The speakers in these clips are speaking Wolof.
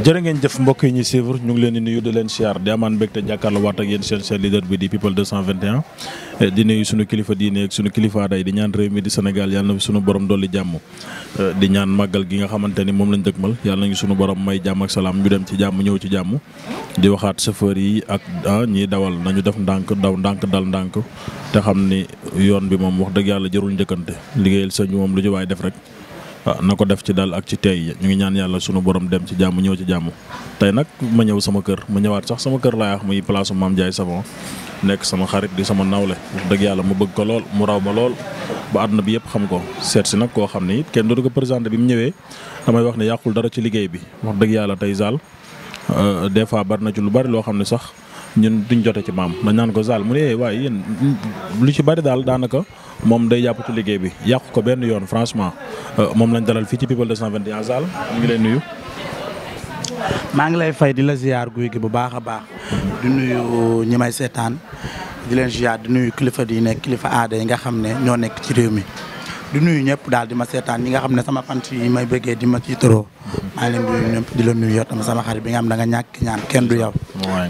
jërë ngeen jëf mbokk yi ñuy suivre ñu ngi leen di nuyu di leen siyaar di amaan te jàkkaarloo waat ak yéen seen seen leader bi di people eh, di nuyu suñu kilifa diine ak sunu kilifa aday di ñaan réew mi di Sénégal yàlla na fi sunu borom dolli jàmm eh, di ñaan màggal gi nga xamante ni moom lañ dëgmal yàlla nañu suñu borom may jàmm ak salaam ñu dem ci jàmm ñëw ci jàmm. di waxaat chauffeur yi ak ah ñiy dawal nañu def ndànk daw ndànk dal ndànk te xam ni yoon bi moom wax dëgg yàlla jërul njëkkante liggéeyal sëñ moom lu ñu waay def rek Ah, na ko def ci dal ak ci tey ñu ngi ñaan yàlla sunu borom dem ci jàmm ñëw ci jàmm tey nag ma ñëw sama kër ma ñëwaat sax sama kër laay wax muy place Mame Ndiaye Savon nekk sama xarit di sama nawle wax dëgg yàlla ma bëgg ko lool mu raw ma lool ba àdduna bi yëpp xam ko seet si nag koo xam ne it kenn dootu ko présenté bi mu ñëwee damay wax ne yàqul dara ci liggéey bi wax dëgg yàlla tey zaal euh, des fois bari na ci lu bari loo xam ne sax ñun duñ jote ci maam dañ naan ko zaal mu ne eh, waaye lu ci bari daal daanaka moom day jàpp ci liggéey bi yàqu ko benn yoon franchement euh, moom lañ dalal fii ci People 221 Zal ñu ngi lay nuyu. ngi lay fay di la ziar guy bu baax a baax nuyu ñi may seetaan di di nuyu kilifa di nekk kilifa aada yi nga xam ne ñoo nekk ci réew mi. di nuyu ñëpp daal di ma seetaan ñi nga xam ne sama fant yi may bëggee di ma ci toroo maa ngi leen nuyu ñëpp di sama xarit bi nga xam da nga ñàkk ñaan kenn du yow.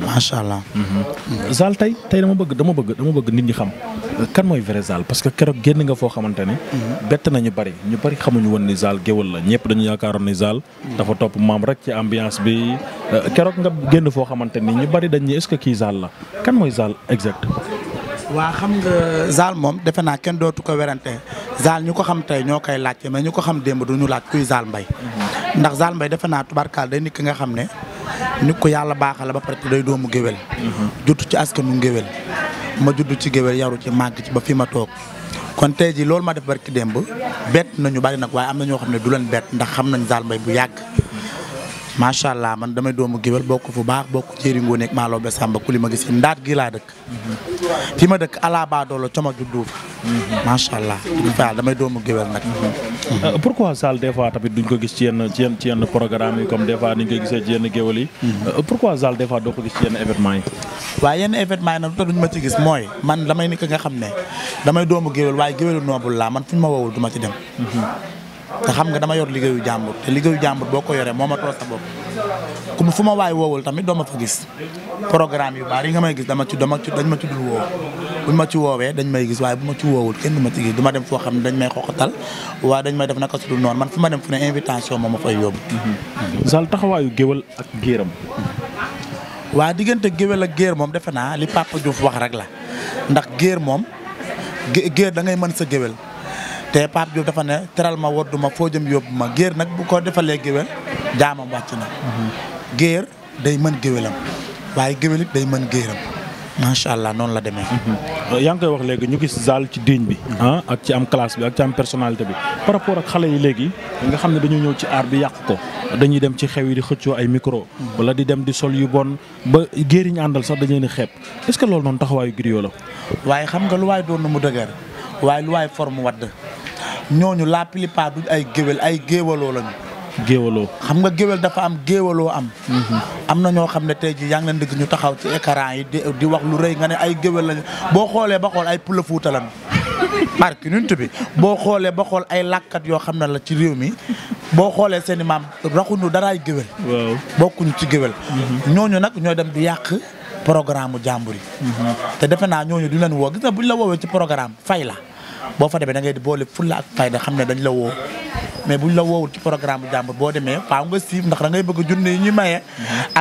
macha allah. Mhm. Zal tey tey dama bëgg dama bëgg dama bëgg nit ñi xam kan mooy vrai Zal parce que keroog génn nga foo xamante ne. bett na ñu bari ñu bari xamuñu woon ni Zal géwël la ñëpp dañu yaakaaroon ni Zal. dafa topp maam rek ci ambiance bi euh, keroog nga génn foo xamante ni ñu bari dañ ni est-ce que kii Zal la kan mooy Zal exact waa xam nga Zal moom defe naa kenn dootu ko werante Zal ñu ko xam tey ñoo koy laajte mais ñu ko xam démb du ñu laaj kuy Zal Mbaye ndax Zal mbay defe naa tubarkaal day nit ki nga xam ne nit ko yàlla baaxal la ba pare day doomu géwél. Mhm. jot ci askanu ma judd ci géwél yaru ci màgg ci ba fi ma toog kon tey ji loolu ma def barki démb bett nañu bari nag waaye am na ñoo xam ne du leen bett ndax xam nañ Zale mbay bu yàgg macha allah man damay doomu géwél bokk fu baax bokk jëriñ ngoo nekk maaloo be sàmba ku li gis ndaat gi laa dëkk. fi ma dëkk ala baa doolo coma juddu macha allah. waaw damay doomu géwél nag. Euh, pourquoi Sall des fois tamit duñ ko gis ci yenn ci yenn ci yenn programme yi comme des fois ni ñu koy gisee ci yenn géwél yi. Euh, pourquoi Sall des fois doo ko yi. waaw yenn événement yi ma ci gis mooy man damay ni nga xam ne damay doomu géwél waaye géwélu noobul laa man fu ma wowul du ma ci dem. te xam nga dama yor liggéeyu jàmbur te liggéeyu jàmbur boo ko yoree moo a toog sa bopp ku mu fu ma waay woowul tamit doo ma fa gis programme yu bari yi nga may gis dama ci dama ci dañ ma ci dul woo ma ci woowee dañ may gis waaye bu ma ci woowul kenn du ma ci gis du ma dem foo xam ne dañ may xoxatal waaye dañ may def naka su dul noonu man fu ma dem fu ne invitation moo ma fay yóbbu. Zal taxawaayu géwal ak géeram. waa diggante géwél ak géer moom defe naa li Papa Diouf wax rek la ndax géer moom géer da ngay mën sa géwél te Pape Diop dafa ne teral ma woddu ma foo jëm yóbbu ma géer nag bu ko defalee géwél jaamam wàcc na mhm. géer day mën géwélam waaye géwél it day mën géeram macha allah noonu la demee. Mhm. yaa ngi koy wax léegi ñu gis zaal ci diiñ bi. Mhm. Ah, ak ci am classe bi ak ci am personnalité bi par rapport ak xale yi léegi nga xam ne dañu ñëw ci aar bi yàq ko dañuy dem ci xew yi di xëccoo ay micro. wala di dem di sol yu bon ba géer yi àndal sax dañu leen di xeeb est-ce que loolu noonu taxawaayu Griot la. waaye nga lu waay doon nu mu dëgër. waaye lu waay forme wadd ñooñu la plupart du ay géwél ay géewaloo lañu. géewaloo xam nga géwél dafa am géewaloo am. Mhm. am na ñoo xam ne tey jii yaa ngi leen ñu taxaw ci écran yi di wax lu rey nga ne ay géwél lañu boo xoolee ba xool ay pula fuuta lañu. barke nuntu bi boo xoolee ba xool ay làkkat yoo xam ne la ci réew mi boo xoolee seen i maam raxuñu ay géwél. waaw bokkuñu ci géwél. Mhm. ñooñu nag ñoo dem di yàq programme mu jàmbur yi. Mhm. te defe naa ñooñu du leen woo gis nga buñ la woowee ci programme fay la. boo fa demee da ngay boole fulla ak fayda xam ne dañ la woo mais buñ la woowul ci programme boo demee faaw ngay bëgg junne yi ñuy maye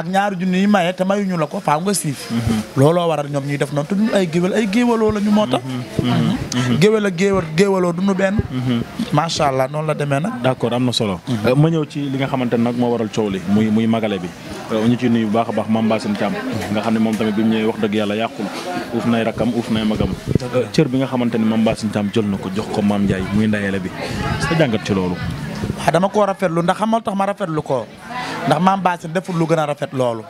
ñaari junne yi maye te mayuñu la ko faaw looloo waral ñoom ñuy def noonu te ay géwél ay géwaloo la ñu moo tax géwél ak géwal géwaloo duñu benn macha allah noonu la demee nag d'accord am na solo euh, ma ñëw ci li nga xamante nag moo waral coow li muy muy magale bi euh, ñu ci nuyu bu baax a baax Mame Bassine Thiam nga xam ne moom tamit bi mu ñëwee wax dëgg yàlla yàqul uuf nay rakkam uuf nay magam euh, cër bi nga xamante ne Mame Bassine Thiam jël na ko jox ko Mame Ndiaye muy ndayele bi sa jàngat ci loolu waaw dama koo rafetlu ndax xamal tax ma rafetlu ko ndax maam Bassine deful lu gën a rafet loolu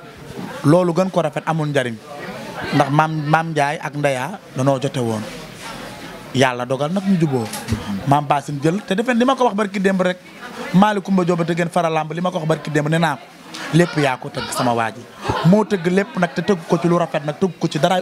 loolu gën ko rafet amul njariñ ndax maam maam njaay ak Ndeya danoo jote woon yàlla dogal nag ñu juboo maam Bassine jël te defe li ma ko wax barki démb rek Malick Koumba Diop te gën fara lamb li ma ko wax barki démb nee naa ko lépp yaa ko tëgg sama waa ji moo tëgg lépp nag te tëgg ko ci lu rafet nag tëgg ko ci dara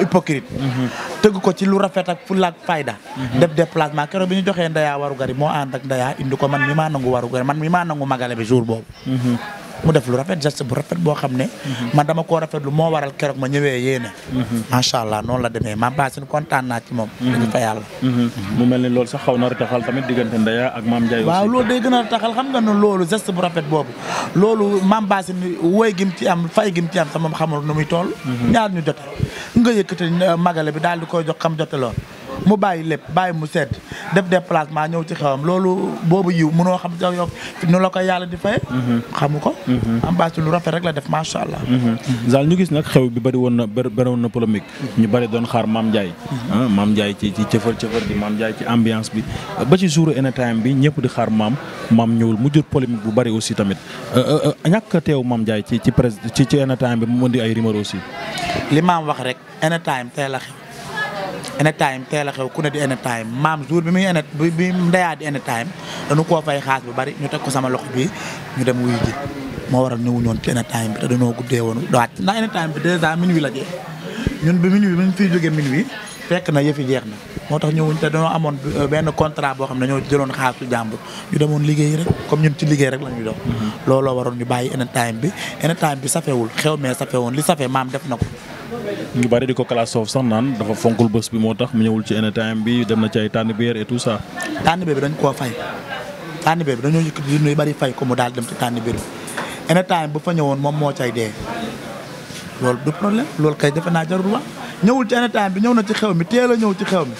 hypocrite mm-hmm. tëgg ko ci lu rafet ak fulla ak fayda mm-hmm. def déplacement keroog bi ñu joxe ndayaa waru gari moo ànd ak ndayaa indi ko man mi maa nangu waru gari man mi maa nangu magale bi jour boobu mm-hmm. mu def lu rafet geste bu rafet boo xam ne. Mhm. man dama koo lu moo waral keroog ma ñëwee yéene. Mhm. macha allah noonu la demee ma baasin kontaan naa ci moom. dañu fa yàlla. Mhm. mu mel ni loolu sax xaw na taxal tamit diggante Ndeya ak maam Ndiaye. waaw loolu day gën a taxal xam nga ne loolu geste bu rafet boobu loolu maam baasin woy gim ci am fay gim ci am sama xamul nu muy tool ñaar ñu jote nga yëkkati euh, magale bi daal di koy jox xam jote lool. mu bàyyi lépp bàyyi mu sedd def déplacement ñëw ci xewam loolu boobu yiw mënoo xam sax yow nu la ko yàlla di faye mm-hmm. xamu ko mm-hmm. ambaas lu rafet rek la def macha allah mm-hmm. zal ñu gis nag xew bi bëri woon na bëri woon na polémique ñu bëri doon xaar Mame Ndiaye ah, maam njaay ci ci cëfër cëfër bi Mame Ndiaye ci ambiance bi ba ci jour en time bi ñëpp di xaar maam maam ñëwul mu jur polémique bu bëri aussi tamit euh, euh, euh, ñàkk teew Mame Ndiaye ci ci presse ci ci bi mu indi ay rumeur aussi li maam wax anytime teel a xew ku ne di anytime maam jour bi muy anytime ñu teg ko sama loxo bi ñu dem wuy moo waral ñëwu ñoon ci anytime bi te dañoo guddee woonu dawaat ndax anytime bi dèjà minuit la jeex ñun bi minuit bi ñu fiy fekk na yëfi jeex na moo tax ñëwuñ te dañoo amoon euh, benn contrat boo xam ne dañoo jëloon xaalisu jàmbur ñu demoon liggéey rek comme ñun ci liggéey rek la ñuy dox mm-hmm. looloo waroon ñu bàyyi anytime bi anytime bi safewul xew mee safewoon li safe maam def na ko ñu bari di ko classe foofu sax naan dafa fonkul bés bi moo tax mu ñëwul ci NTM bi dem na ci ay tànn biir et tout ça. tànn bi dañ koo fay tànn biir bi dañoo yëkkati yu bari fay ko mu daal dem ci tànn biir bi NTM bu fa ñëwoon moom moo cay dee loolu du problème loolu kay defe naa jarul wax ñëwul ci any bi ñëw na ci xew mi teel a ñëw ci xew mi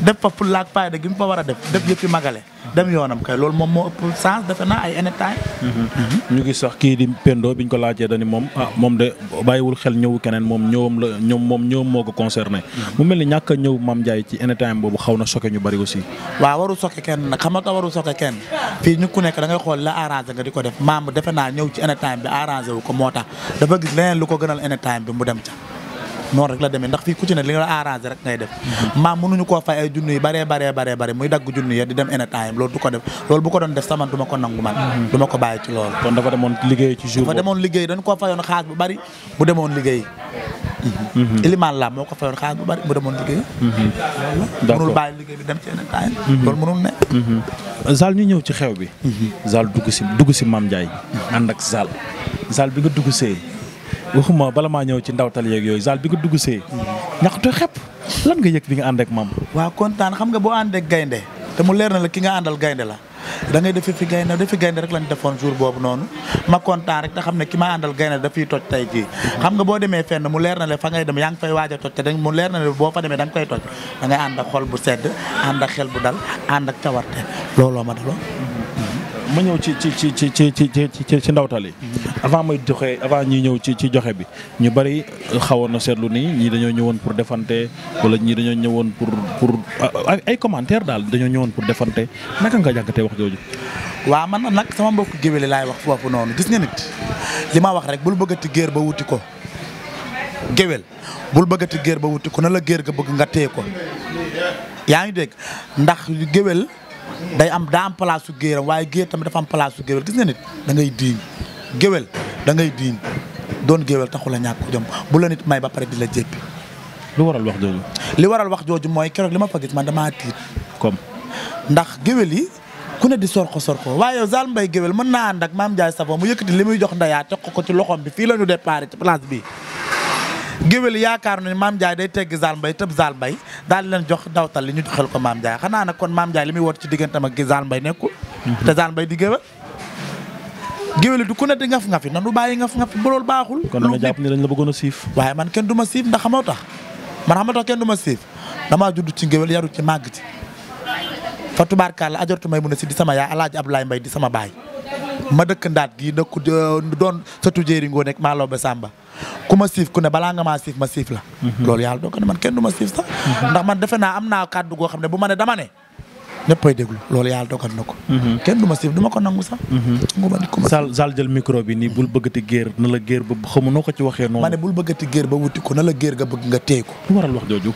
def fa fulla ak fayda gi mu fa war a def def yëppi magale dem yoonam kay loolu moom moo ëpp sens defe naa ay any mhm. ñu ngi sax kii di Pendo biñ ko laajee dani moom ah, moom de bàyyiwul xel ñëwu keneen moom ñëwam la ñoom moom moo ko concerné mhm. mu mel ni ñàkk ñëw Mame Ndiaye ci any boobu xaw na soke ñu bari aussi waaw waru soke kenn nag xam nga waru soke kenn fii ñu ku nekk da xool la arrangé nga di ko def maam defe naa ñëw ci any bi arrangé wu ko moo tax dafa gis leneen lu ko gënal any time bi mu dem ca noonu rek la demee ndax fii ku ci ne li nga arrangé rek ngay def maam mënuñu koo fay ay junni yu baree bare baree bare muy dagg junni ya di dem enetaayam loolu du ko def loolu bu ko doon def saman ko nangu man mhm. du ma ko bàyyi ci loolu kon dafa demoon liggéey ci jour dafa demoon liggéey dañ koo fayoon xaas bu bari bu demoon liggéey mhm. Mhm. Ilimaan la moo ko fayoon xaalis bu bari bu demoon liggéey. d'accord mënul liggéey bi dem ci yeneen taay. loolu mënul ne. Zal ñu ñëw ci xew bi. Zal dugg si dugg si Mame Ndiaye. ànd ak Zal Zal bi nga dugg see waxuma bala maa ñëw ci ndawtal yeeg yooyu saal bi nga dugg see. ñaxtu xepp lan nga yëg bi nga ànd ak maam. waaw kontaan xam nga boo àndee ak gaynde te mu leer na la ki nga àndal gaynde la da ngay defi fi gaynde defi gaynde rek lañ defoon jour boobu noonu ma kontaan rek xam ne ki ma àndal gaynde dafiy toj tey jii xam nga boo demee fenn mu leer na le fa ngay dem yaa ngi fay waaja a toj te mu leer na le boo fa demee da nga koy toj da ngay ànd ak xol bu sedd ànd ak xel bu dal ànd ak cawarte looloo ma daloon ma ñëw ci ci ci ci ci ci ci ndawtal yi mm-hmm. avant may joxe avant ñi ñëw ci ci joxe bi ñu bari xawoon na seetlu nii ñii dañoo ñëwoon pour defante wala ñii dañoo ñëwoon pour pour ay commentaire daal dañoo ñëwoon pour defante naka nga jàngatee wax jooju waa man nag sama mbokk géwél laay wax fu foofu noonu gis nga nit li ma wax rek bul bëggati géer ba wuti ko géwél bul bëggati géer ba wuti ko na la géer ga bëgg nga téye ko yaa ngi dégg ndax géwél day am daam am place géeram waaye géer tamit dafa am place su géwél gis nit da ngay diiñ géwél dangay ngay diiñ doon géwél taxul a ñàkk jom bu la nit may ba pare di la jéppi lu waral wax jooju li waral wax jooju mooy keroog li ma fa gis man damaa tiit comme ndax géwél yi ku ne di sorko sorko waaye yow Zal Mbaye géwél mën naa ànd ak Maam Ndiaye Savon mu yëkkati li muy jox ndayaa teg ko ci loxoom bi fii la ñu départ ci place bi géwél yaakaar nañu maam Ndiaye day tegg Zal Mbaye tëb Zal Mbaye daal di leen jox dawtal li ñu joxal ko maam Ndiaye xanaa na kon maam Ndiaye li muy woote ci digganteem ak Zal Mbaye nekkul. Mhm. te Zal Mbaye di géwél. géwél du ku ne di ngaf ngafi nanu bàyyi ngaf ngafi ba loolu baaxul. kon dama jàpp ni dañ la bëggoon a siif. waaye man kenn du ma siif ndax xamoo tax man xamoo tax ken du ma siif damaa judd ci géwél yaru ci màgg ci fa tubaarkàlla ajortu may mun a si di sama yaay alaaji Abdoulaye Mbaye di sama baay ma dëkk ndaat gi dëkk euh, doon sa tujéeri ngoo nekk maaloo ba sàmba ku ma siif ku ne balaa nga maa siif ma siif la mhm. loolu yàlla doo ko ne man kenn du ma siif sax mhm. ndax man defe naa am naa kàddu goo xam ne bu ma ne dama ne ñëppay déglu loolu yàlla dogal na ko. Mhm. kenn du ma siif du ma ko nangu sax. nangu ma di sal jël micro bi nii bul bëggati géer na la géer ba xamu noo ko ci waxee noonu. ma ne bul bëggati géer ba wuti ko na la géer nga bëgg nga téye ko. lu waral wax jooju.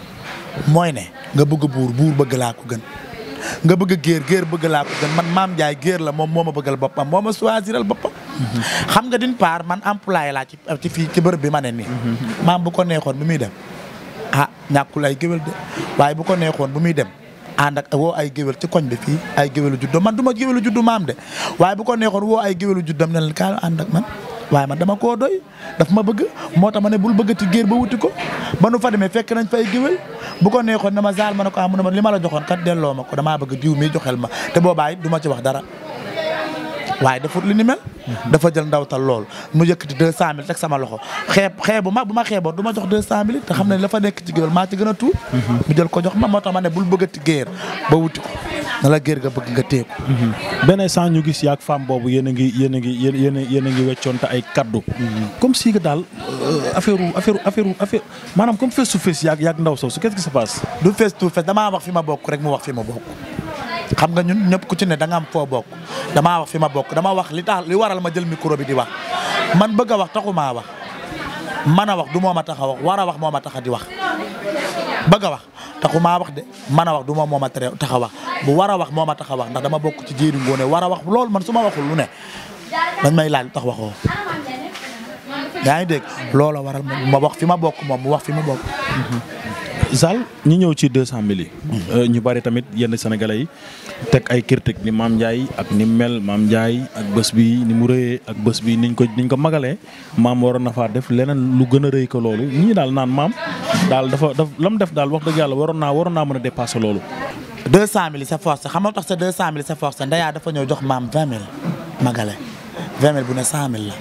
mooy ne nga bëgg buur buur bëgg laa ko gën. nga bëgg géer géer bëgg laa ko gën man maam njaay géer la moom moo ma bëggal boppam moo ma choisiral boppam. xam nga d'une part man employé laa ci ci fii ci bërëb bi ma ne nii. maam bu ko neexoon bu muy dem a ah, ñàkkul ay géwél de waaye bu ko neexoon bu muy dem. ànd ak woo ay géwél ci koñ bi fii ay géwélu juddoom man du ma géwélu juddu maam de waaye bu ko neexoon woo ay géwélu juddoom ne leen ka ànd ak man. waaye ma dama koo doy daf ma bëgg moo tax ma ne bul bëggati géer ba wuti ko ba nu fa demee fekk nañ fay géwél bu ko neexoon ne ma zaal ma ne ko ah mu ne ma li la joxoon kat delloo ma ko damaa bëgg diw mi joxeel ma te boobaay du ma ci wax dara waaye defut li ni mel. dafa jël ndawtal lool mu yëkkati 200000 teg sama loxo xeeb xeebu ma bu ma xeeboon du ma jox 200000 te xam ne la nekk ci géwél maa ci gën a jël ko jox ma moo tax ma ne bul bëggati géer ba wuti ko na la géer nga bëgg beneen sens ñu gis yaag femme boobu yéen ngi yéen a ngi yéen a yéen a ngi weccoonte ay kaddu. comme si que daal euh, affaire affaire affaire affaire maanaam comme face to face yaag yaag ndaw soosu qu'est-ce qui se passe. du face to face damaa wax fi ma bokk rek mu wax fi ma bokk. xam nga ñun ñëpp ku ci ne da nga am foo bokk damaa wax fi ma bokk dama wax li tax li waral ma jël micro bi di wax man bëgg a wax taxumaa wax mën a wax du moo ma tax wax war a wax moo ma tax a di wax bëgg a wax taxumaa wax de mën a wax du moom moo ma wax bu war a wax moo ma tax wax ndax dama bokk ci jéeri ngoone war a wax loolu man su ma waxul lu ne dañ may laaj lu tax waxoo yaa ngi dégg loola waral ma wax fi ma bokk moom mu wax fi ma bokk Zal ñi ñëw ci deux 200000 yi. Euh, ñu bari tamit yenn sénégalais yi teg ay critique ni maam Ndiaye ak ni mel maam Ndiaye ak bës bi ni mu rëyee ak bés bi niñ ko niñ ko magalee maam waroon na faa def leneen lu gën a rëy ko loolu ñu daal naan maam daal dafa daf lam def daal wax dëgg yàlla waroon naa waroon naa mën a dépasser loolu. 200000 sa force xam nga tax sa 200000 sa force ndeyaa dafa ñëw jox maam 20000 magale 20000 bu ne 100000 la.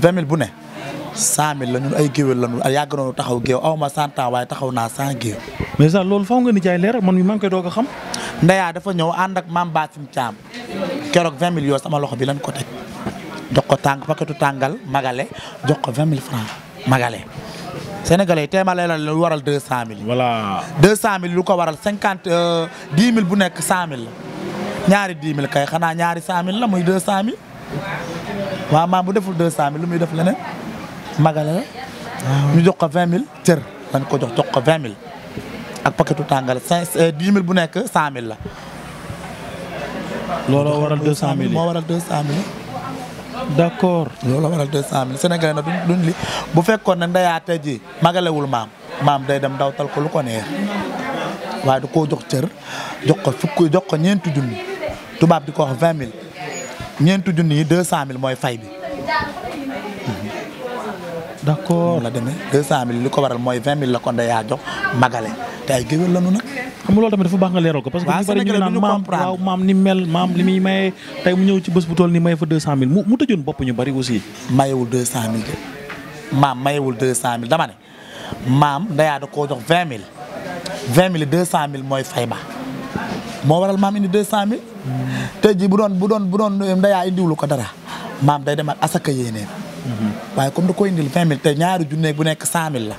20000 euh, bu ne. 100000 la ñun ay géwél la ñun yàgg nañu taxaw géew aw ma 100 waaye taxaw na 100 géew. mais sax loolu faw nga ni jaay leer man mi maa ngi doog a xam. Ndeya dafa ñëw ànd ak maam Baasim Thiam keroog 20 000 yoo sama loxo bi lañ ko teg jox ko tàng paquetu tàngal magale jox ko 20 000 francs magale. Sénégalais yi téeméer lay la lu waral 200000. voilà 200000 lu ko waral 50 10 euh, mille bu nekk 100000 la ñaari 10 mille kay xanaa ñaari 100000 la muy 200000 waaw maam bu deful 200000 lu muy def leneen. magale ñu jox ko vingt mille cër dañ ko jox jox ko vingt mille ak paquetu tàngal cinq euh, dix mille bu nekk cent mille la. looloo waral deux cent mille moo waral deux cent mille. d' accord looloo waral deux cent bu fekkoon ne ndeyaa tey ji magalewul maam maam day dem dawtal ko lu ko neex waaye du koo jox cër jox ko fukk jox ko ñeenti junni tubaab di ko wax vingt mille ñeenti junni yi deux cent mille mooy fay bi. d' accord la demee 200000 li ko waral mooy 20000 la ko ndeyaa jox magale te ay géwél la ñu nag. xam tamit dafa baax nga leeral ko. parce que ñu bari ñu naan maam waaw maam ni mel tey mu ñëw ci bés bu toll ni maye fa 200000 mu mu tëjoon bopp ñu bari aussi. mayewul 200000 de maam wul mayewul 200000 dama ne maam ndeyaa da koo jox 20000 20000 200000 mooy fay ba moo waral maam indi 200000. Hmm. te jii bu doon bu doon bu doon ndeyaa indiwul ko dara maam day dem ak asaka yéeneen. waaye comme da ko indil vingt mille te ñaari junne bu nekk cent mille la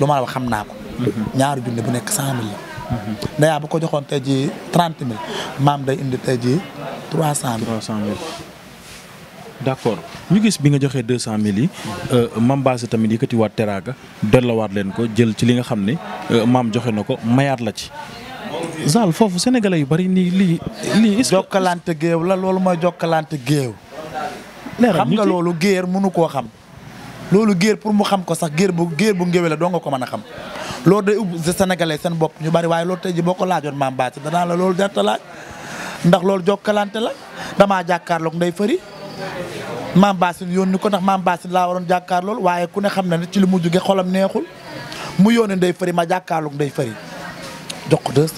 lu ma la xam naa ko ñaari junne bu nekk cent mille la ndayaa bu ko joxoon te ji trente mille maam day indi tey jii trois cent mille trois cent bi nga joxee deux cent mille yi euh, maam Basse tamit yëkkatiwaat teraaga dellowaat leen ko jël ci li nga xam ne euh, maam joxe na ko mayaat la ci Zal foofu sénégalais yu bari nii lii lii jokkalante géew la loolu mooy jokkalante géew xam nga loolu géer mënu koo xam loolu géer pour mu xam ko sax géer bu géer bu ngéwél la doo nga ko mën a xam loolu day ubbi sénégalais seen bopp ñu bari waaye loolu tey ji boo ko laajoon maam Bathie danaa la loolu jarta ndax loolu jokkalante la damaa jàkkaarloog nday fëri maam Bathie yónni ko ndax maam Bathie laa waroon jàkkaar lool waaye ku ne xam na ne ci li mu jóge xolam neexul mu yónni nday fëri ma jàkkaarloog nday fëri jox ko deux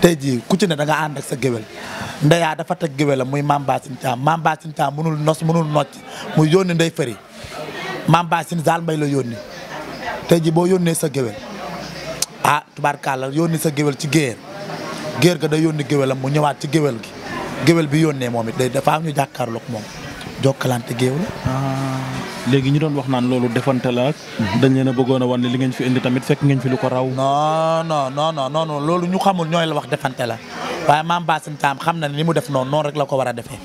tey jii ku ci ne da nga ànd ak sa géwél ndeyaa dafa teg géwélam muy Mame Bassine Thiam Mame Bassine Thiam mënul nos mënul nocc mu yónni ndey fëri Mame Bassine Zal Mbaye la yónni tey jii boo yónnee sa géwél ah tubaarkàlla yónni sa géwél ci géer géer ga day yónni géwélam mu ñëwaat ci géwél gi géwél bi yónnee moom it day dafa am ñu jàkkaarloog moom jokkalante géew léegi ñu doon wax naan loolu defante la mhm. dañ leen a bëggoon ne li ngeen fi indi tamit fekk ngeen fi lu ko raw. non non non loolu ñu xamul ñooy la wax defante la waaye maam Bassine Thiam xam na li mu def noonu noonu rek la ko war a defee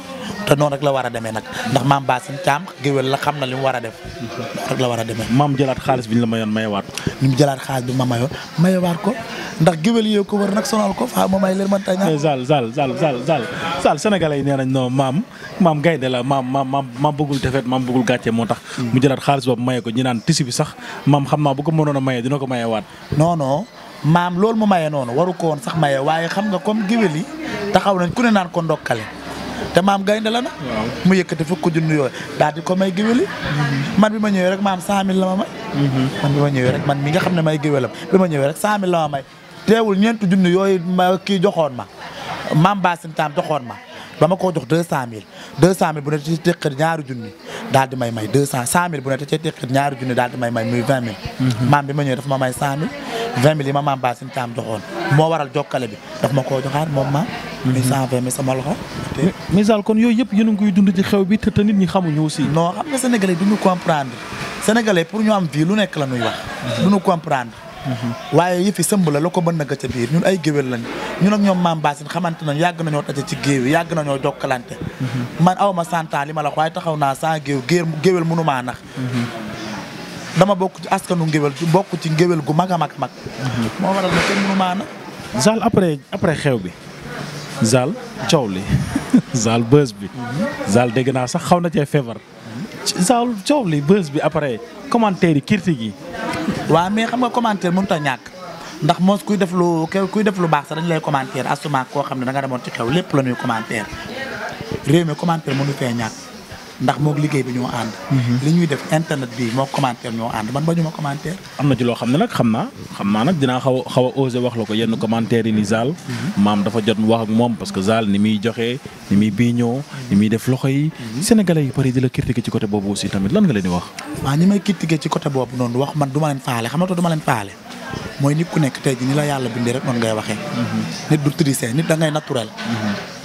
te noonu rek la war a demee nag ndax maam Bassine Thiam géwél la xam na li mu war a def noonu rek la war a demee. maam jëlaat xaalis bi ñu la mayoon mayewaat ko. ni mu jëlaat xaalis bi ma mayoon mayewaat ko ndax géwél yooyu ko war nag sonal ko faa ma may leen man tey. Eh, Zal Zal Zal Zal Zal Sénégalais yi nee nañ non maam maam gaynde la maam maam maam maam bëggul defet maam moo tax mu jëlaat xaalis boobu maye ko ñu naan tisi sax maam xam naa bu ko mënoon a maye dina ko maye waat non non maam loolu mu maye noono waru ko woon sax maye waaye xam nga comme géwél yi taxaw nañ ku ne naan ko ndokkale te maam gaynde la na mu yëkkati fukk junni yooyu daal di ko may géwéli man bi ma ñëwee rek maam cent mille ma may mhm. man bi ma ñëwee rek man mi nga xam ne may géwélam bi ma ñëwee rek cent mille la ma may teewul yooyu ma kii joxoon ma maam Bassine Thiam joxoon ma ba ma koo jox deux cent mille deux cent mille bu ne ci teqat ñaari junni daal di may may deux cent cent mille bu ne ci teqat ñaari junni daal di may may muy vingt mille mhm. maam bi ma ñëwee daf ma may cent mille vingt yi ma maam ba sin joxoon moo waral jokkale bi daf ma koo joxaat moom maam mi mhm. cent vingt mille sama loxo misaal kon yooyu yëpp yéen a ngi koy dund ci xew bi te te nit ñi xamuñu aussi non xam nga sénégalais duñu comprendre sénégalais pour ñu am vie lu nekk la ñuy wax mhm. waaye yëfi sëmb la la ko mën na ga ca biir ñun ay géwél lañ ñun ak ñoom maam Bassine xamante nañ yàgg nañoo daje ci géew yi yàgg nañoo jokkalante mhm. man aw ma santaa li ma la wax waaye taxaw naa saa géew géer géwél mënu maa nax mhm. dama bokk ci askanu ngéwél bokk ci ngéwél gu mag a mag mag mhm. moo waral na kenn mënu maa nax Zal après xew bi Zal coow li Zal bës bi Zal dégg naa sax xaw na cee feebar Zal coow li bës bi après commentaire yi critique yi waaw mais xam nga commentaire mënut ta ñàkk ndax moos kuy def lu ke kuy def lu baax sax dañ lay commentaire asuma koo xam ne da nga demoon ci xew lépp la ñuy commentaire réew mi commentaire mënu fee ñàkk ndax moog liggéey bi ñoo ànd. Mhm. li ñuy def internet bi moo commentaire ñoo ànd man ba ñu ma commentaire. am na ci loo xam ne nag xam naa xam naa nag dina xaw a xaw a wax la ko yenn commentaire yi ni Zal. Mhm. maam dafa jot wax ak moom parce que Zal ni muy joxe ni muy biiñoo ni muy def loxo yi. Mhm. Sénégalais yu bari di la critiquer ci côté boobu aussi tamit lan nga leen di wax. waaw ñi may critiquer ci côté boobu noonu wax man du ma leen faale xam nga du ma leen faale. mooy ku nekk tey ji ni la yàlla bindee rek noonu ngay waxee. nit du tricher nit da ngay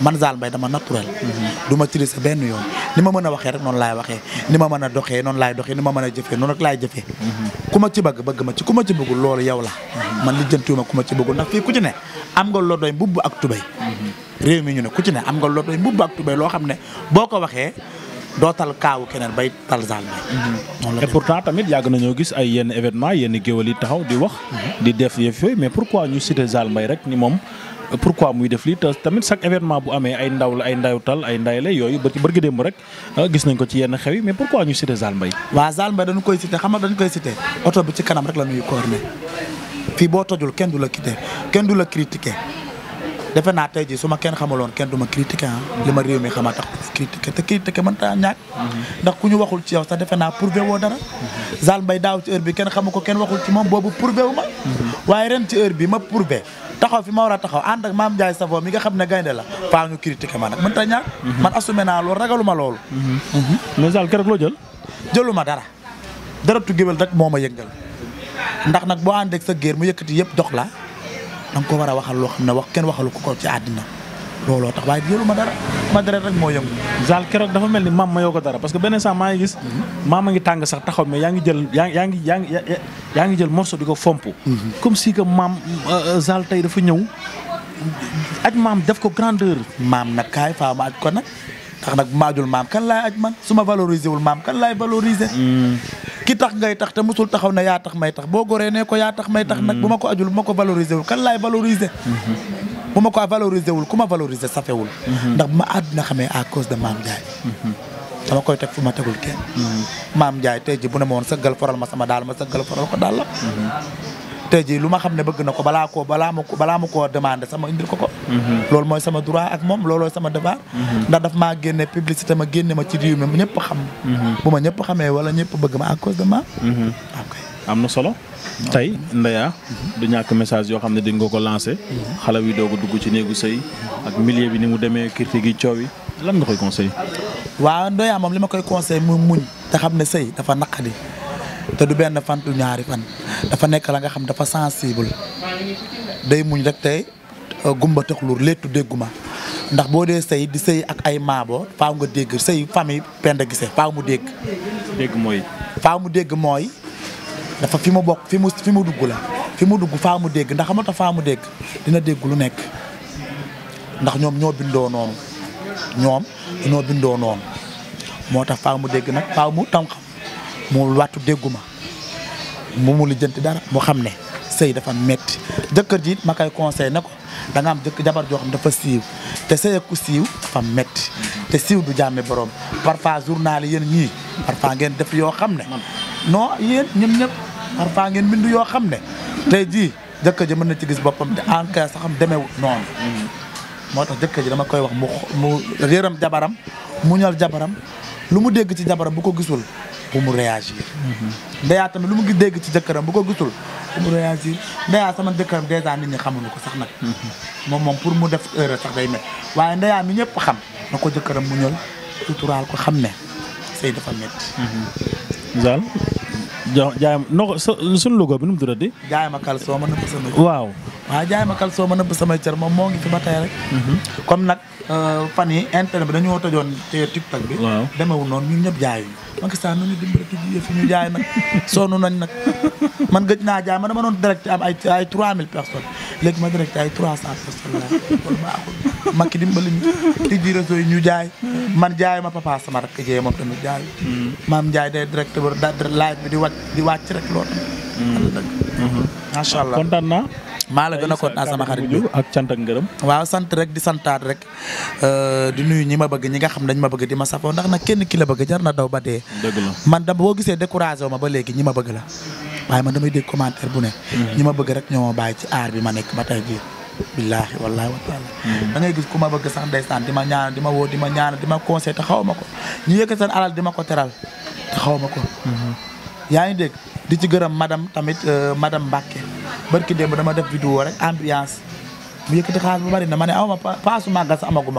man Zale Mbaye dama naturel. Mhm. du ma tricher benn yoon ni ma mën a waxee rek noonu laay waxee ni ma mën a doxee noonu laay doxee ni ma mën a jëfee noonu rek laay jëfee. Mhm. ku ma ci bëgg bëgg ma ci ku ma ci bëggul loolu yow la. Mhm. man lijjantiwuma ku ma ci bëggul ndax fii ku ci ne am nga loo doy mbubb ak tubéy. réew mi ñu ne ku ne am nga loo doy mbubb ak tubéy loo xam ne boo ko waxee. dootal kaawu keneen bay tal Zale Mbaye et pourtant tamit yàgg nañoo gis ay yenn événement yenn géwël yi taxaw di wax. di def yëf yooyu mais pourquoi ñu citer Zale Mbaye rek ni moom pourquoi muy def lii tamit chaque événement bu amee ay ndaw la ay ndawtal ay nday la yooyu ba ci bërgi démb rek ah, gis nañ ko ci yenn xew yi mais pourquoi ñu cité Zal Mbaye waaw Zal Mbaye koy cité xam nga dañu koy cité oto bi ci kanam rek la ñuy corné fii boo tojul kenn du la quitté kenn du la critiqué defe naa tey jii su ma kenn xamaloon kenn du ma critiqué ah li ma réew mi xamaa tax du critiqué te critiqué mën taa ñaak mm-hmm. ndax ku ñu waxul ci yow sax defe naa prouvé woo dara mm-hmm. Zal Mbaye daaw ci heure bi kenn xamu ko kenn waxul ci moom boobu prouvé wu mm-hmm. waaye ren ci heure bi ma prouvé taxaw fi ma war a taxaw ànd ak maam Ndiaye Savon mi nga xam ne gaynde la faa ñu critiqué ma nag mën ta ñàkk mhm. man assumé naa loolu ragaluma ma loolu mhm. Mhm. mais daal keroog loo jël jëluma dara dara tu géwél rek moo ma yëngal ndax nag boo ànd ak sa géer mu yëkkati yëpp dox la da nga ko war a waxal loo xam ne wax kenn waxalu ko ko ci àddina looloo tax waaye yëlu ma dara ma dara rek moo yëngu zal keroog dafa mel ni maam mayoo ko dara parce que benn sens maa ngi gis mhm. maam a ngi tàng sax taxaw mais yaa ngi jël yaa yaa ngi yaa yaa ngi jël morceau di ko fomp mhm. comme si que maam euh, zal tey dafa ñëw aj maam def ko grandeur maam nag kaay faa ma nag ndax nag maajul kan laay aj man suma ma wul maam kan laay valoriser mm. ki tax ngay tax te musul taxaw na yaa tax may tax boo goree ne ko yaa tax may tax nag mm. bu ma ko ajul ma ko valoriser wul kan laay valoriser mm-hmm. bu ma ko valorisé wul ku ma valoriser safewul mhm. ndax bu ma àdduna xamee à cause de Mame Ndiaye mhm. dama koy teg fu ma tegul kenn mhm. Mame Ndiaye tey ji bu ne ma woon sëggal foral ma sama daal ma sëggal foral ko daal la tey jii lu ma xam ne bëgg na ko balaa koo balaa ma ko balaa ma koo demandé sama indil ko ko loolu mooy sama droit ak moom loolooy sama devoir ndax daf maa génne publicité ma génne ma ci réew mi ñëpp xam bu ma ñëpp xamee wala ñëpp bëgg ma à cause de ma am na solo tey ndeya du ñàkk message yoo xam ne di nga ko lancé xale wi doog a dugg ci néegu sëy ak milieu bi ni mu demee kirti gi coow yi lan nga koy conseil waaw ndoyaa moom li ma koy conseil mu muñ te xam ne sëy dafa naqadi te du benn fan du ñaari fan dafa nekk la nga xam dafa sensible day muñ rek tey euh, gumba taxluur léttu dégguma ndax boo dee sëy di sëy ak ay maabo faaw nga dégg sëy famille pend gise faaw mu dégg dégg mooy faaw mu dégg mooy dafa fi mu bokk fi mu fi mu dugg la fi mu dugg faa mu dégg ndax xamata faa mu dégg dina dégg lu nekk ndax ñoom ñoo bindoo noonu ñoom ñoo bindoo noonu moo tax faa mu dégg nag faa mu tam xam mu wàttu dégguma mu mu lijjanti dara mu xam ne sëy dafa metti jëkkër ji ma koy conseil ne ko da nga am jëkk jabar joo xam dafa siiw te sëy ku siiw dafa metti te siiw du jàmme borom parfois journal yéen ñii parfois ngeen def yoo xam ne non yéen ñëpp ñëpp parfois ngeen bindu yoo xam ne tey jii jëkkër ji mën na ci gis boppam te en cas sax demewut noonu moo tax jëkkër ji dama koy wax mu mu réeram jabaram mu jabaram lu mu dégg ci jabaram bu ko gisul bu mu réagir ndeyaa tamit lu mu dégg ci jëkkëram bu ko gisul bu mu réagir ndeyaa sama jëkkëram dèjà xamuñu ko sax nag moom moom pour mu def erreur sax day met waaye ndeyaa mi ñëpp xam na ko jëkkëram mu ñal suturaal ko xam ne sëy dafa métti zal jox jaay ma noo suñu logo bi nu mu tuddati. jaay ma kal soo ma nëbb sama cër. waaw waaw kal soo ma nëbb sama cër moom moo ngi fi ba tey rek. comme mhm. nag euh, fan yi internet bi dañoo tojoon te tiktok bi. waaw demewul noonu ñun ñëpp jaayuñu. Macky Sall nu ñu dimbali tijji yëf ñu jaay nag sonn nañ nag man gëj naa jaay ma dama doon direct am ay ay 3000 personnes. léegi ma direct ay trois cent personnes la loolu baaxul makki dimbali ñu jaay man jaay ma papa sama rakk jee moom tamit jaay maam Ndiaye day direct ba daal live bi di wàcc di wàcc rek loolu macha allah kontaan maa la gën a kontaan sama xarit bi ak cant ak ngërëm sant rek di santaat rek euh, di nuyu ñi ma bëgg ñi nga xam dañ ma bëgg di ma safoo ndax nag kenn ki bëgg jar na daw ba dee man da boo gisee découragé ma ba léegi ñi ma bëgg la waaye ma damay dégg commentaire bu ne. Mm-hmm. ñi ma bëgg rek ñoo ma bàyyi ci aar bi ma nekk ba tey jii. billaahi wallaahi wa taala mm-hmm. da ngay gis ku ma bëgg sax ndeysaan di ma ñaan di ma woo di ma ñaan di ma conseil te xaw ma ko ñu yëkkat seen alal di ma ko teral te xaw ma ko mm-hmm. yaa ngi dégg di ci gërëm madame tamit euh, madame Mbacke barki démb dama def vidéo rek ambiance mu yëkkati xaalis bu bari na ma ne aw ma paasu bu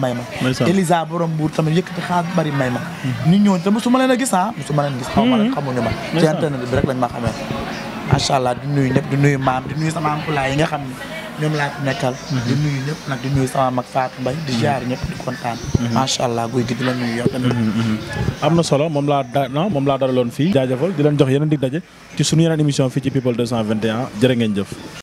ma Elisa borom buur tamit yëkkati xaalis bu bari ma nit ñooñu te musuma leen a gis ah musuma leen gis xaw ma leen mhm. xamuñu ma ci internet bi ma xamee macha yi nga xam ne ñoom laa fi mhm. nag di nuyu sama mag di jaar mhm. ñëpp di kontaan macha allah guy gi di am na solo moom laa da moom laa daraloon fii jaajëfal di leen jox yeneen dig daje ci sunu yeneen émission fii ci people 221 jërë ngeen jëf